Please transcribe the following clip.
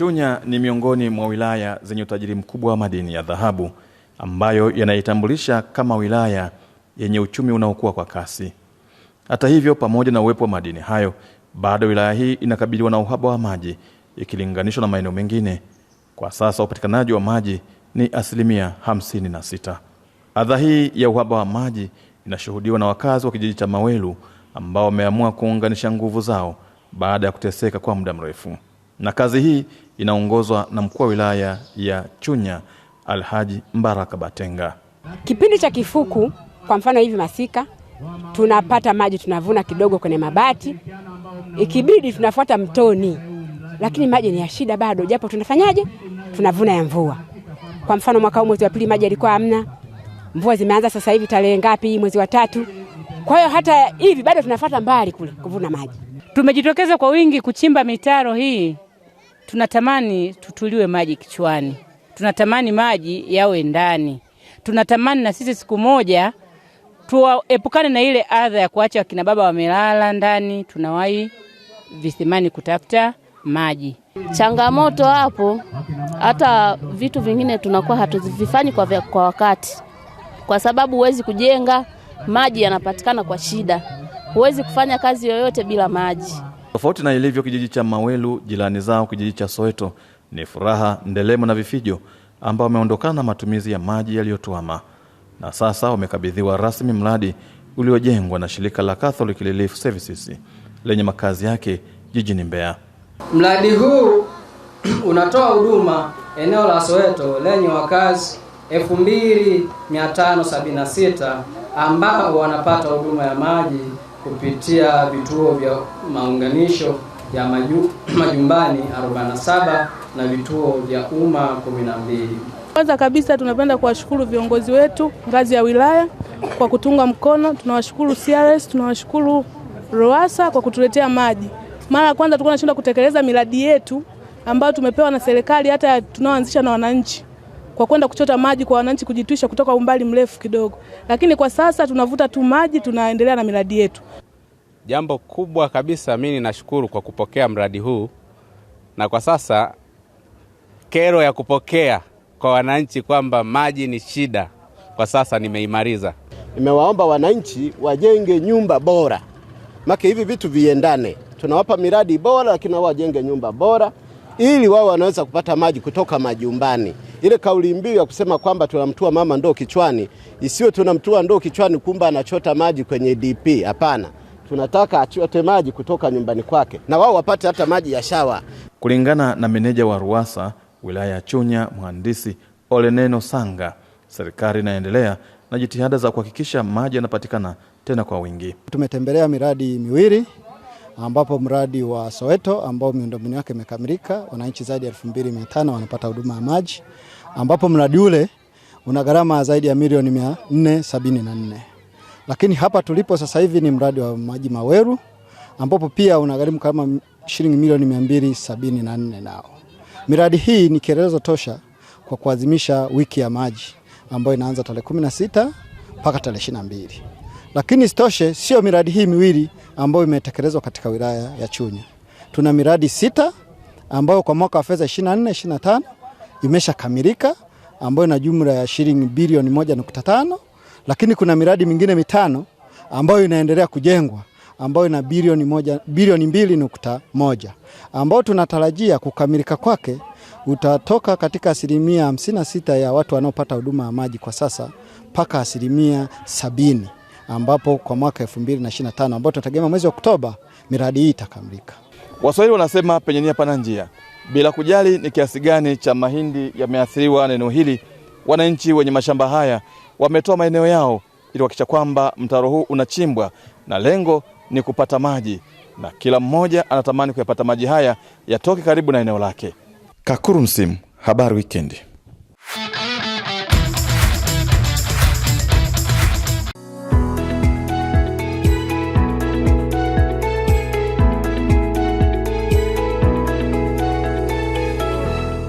Chunya ni miongoni mwa wilaya zenye utajiri mkubwa wa madini ya dhahabu ambayo yanaitambulisha kama wilaya yenye uchumi unaokuwa kwa kasi. Hata hivyo, pamoja na uwepo wa madini hayo, bado wilaya hii inakabiliwa na uhaba wa maji ikilinganishwa na maeneo mengine. Kwa sasa upatikanaji wa maji ni asilimia hamsini na sita. Adha hii ya uhaba wa maji inashuhudiwa na wakazi wa kijiji cha Mawelu ambao wameamua kuunganisha nguvu zao baada ya kuteseka kwa muda mrefu na kazi hii inaongozwa na mkuu wa wilaya ya Chunya Alhaji Mbaraka Batenga. Kipindi cha kifuku, kwa mfano hivi masika, tunapata maji, tunavuna kidogo kwenye mabati, ikibidi tunafuata mtoni, lakini maji ni ya shida bado, japo tunafanyaje? Tunavuna ya mvua. Kwa mfano mwaka huu mwezi wa pili maji yalikuwa hamna, mvua zimeanza sasa hivi tarehe ngapi? Mwezi wa tatu. Kwa hiyo hata hivi bado tunafuata mbali kule kuvuna maji. Tumejitokeza kwa wingi kuchimba mitaro hii Tunatamani tutuliwe maji kichwani, tunatamani maji yawe ndani, tunatamani na sisi siku moja tuwaepukane na ile adha ya kuacha wakina baba wamelala ndani, tunawahi visimani kutafuta maji. Changamoto hapo, hata vitu vingine tunakuwa hatuvifanyi kwa, kwa wakati, kwa sababu huwezi kujenga, maji yanapatikana kwa shida, huwezi kufanya kazi yoyote bila maji. Tofauti na ilivyo kijiji cha Mawelu, jirani zao kijiji cha Soweto ni furaha, ndelemo na vifijo ambao wameondokana na matumizi ya maji yaliyotuama na sasa wamekabidhiwa rasmi mradi uliojengwa na shirika la Catholic Relief Services lenye makazi yake jijini Mbeya. Mradi huu unatoa huduma eneo la Soweto lenye wakazi 2576 ambao wanapata huduma ya maji kupitia vituo vya maunganisho ya maju, majumbani 47 na vituo vya umma 12. Kwanza kabisa tunapenda kuwashukuru viongozi wetu ngazi ya wilaya kwa kutunga mkono. Tunawashukuru CRS, tunawashukuru roasa kwa kutuletea maji. Mara ya kwanza tulikuwa tunashinda kutekeleza miradi yetu ambayo tumepewa na serikali hata tunaoanzisha na wananchi kwa kwenda kuchota maji kwa wananchi kujitwisha kutoka umbali mrefu kidogo, lakini kwa sasa tunavuta tu maji, tunaendelea na miradi yetu. Jambo kubwa kabisa, mimi ninashukuru kwa kupokea mradi huu, na kwa sasa kero ya kupokea kwa wananchi kwamba maji ni shida, kwa sasa nimeimaliza. Nimewaomba wananchi wajenge nyumba bora, make hivi vitu viendane. Tunawapa miradi bora, lakini wao wajenge nyumba bora, ili wao wanaweza kupata maji kutoka majumbani. Ile kauli mbiu ya kusema kwamba tunamtua mama ndoo kichwani, isiwe tunamtua ndoo kichwani kumba anachota maji kwenye DP. Hapana, tunataka achote maji kutoka nyumbani kwake na wao wapate hata maji ya shawa. Kulingana na meneja wa RUWASA wilaya ya Chunya, mhandisi Oleneno Sanga, serikali inaendelea na jitihada za kuhakikisha maji yanapatikana tena kwa wingi. Tumetembelea miradi miwili ambapo mradi wa Soweto ambao miundombinu yake imekamilika, wananchi zaidi ya 2500 wanapata huduma ya maji, ambapo mradi ule una gharama zaidi ya milioni 474. Lakini hapa tulipo sasa hivi ni mradi wa maji Maweru ambapo pia gharimu kama shilingi milioni 274 nao. Miradi hii ni kielelezo tosha kwa kuadhimisha wiki ya maji ambayo inaanza tarehe 16 mpaka tarehe 22. Lakini sitoshe, sio miradi hii miwili ambayo imetekelezwa katika wilaya ya Chunya. Tuna miradi sita ambayo kwa mwaka wa fedha 24 25 imeshakamilika ambayo ina jumla ya shilingi bilioni 1.5, lakini kuna miradi mingine mitano ambayo inaendelea kujengwa ambayo ina bilioni moja, bilioni mbili nukta moja ambao tunatarajia kukamilika kwake utatoka katika asilimia sita ya watu wanaopata huduma ya maji kwa sasa mpaka asilimia sabini ambapo kwa mwaka 2025 ambao tunategemea mwezi wa Oktoba miradi hii itakamilika. Waswahili wanasema penye nia pana njia. Bila kujali ni kiasi gani cha mahindi yameathiriwa na eneo hili, wananchi wenye mashamba haya wametoa maeneo yao ili kuhakikisha kwamba mtaro huu unachimbwa, na lengo ni kupata maji, na kila mmoja anatamani kuyapata maji haya yatoke karibu na eneo lake. Kakuru Msimu, Habari Wikendi.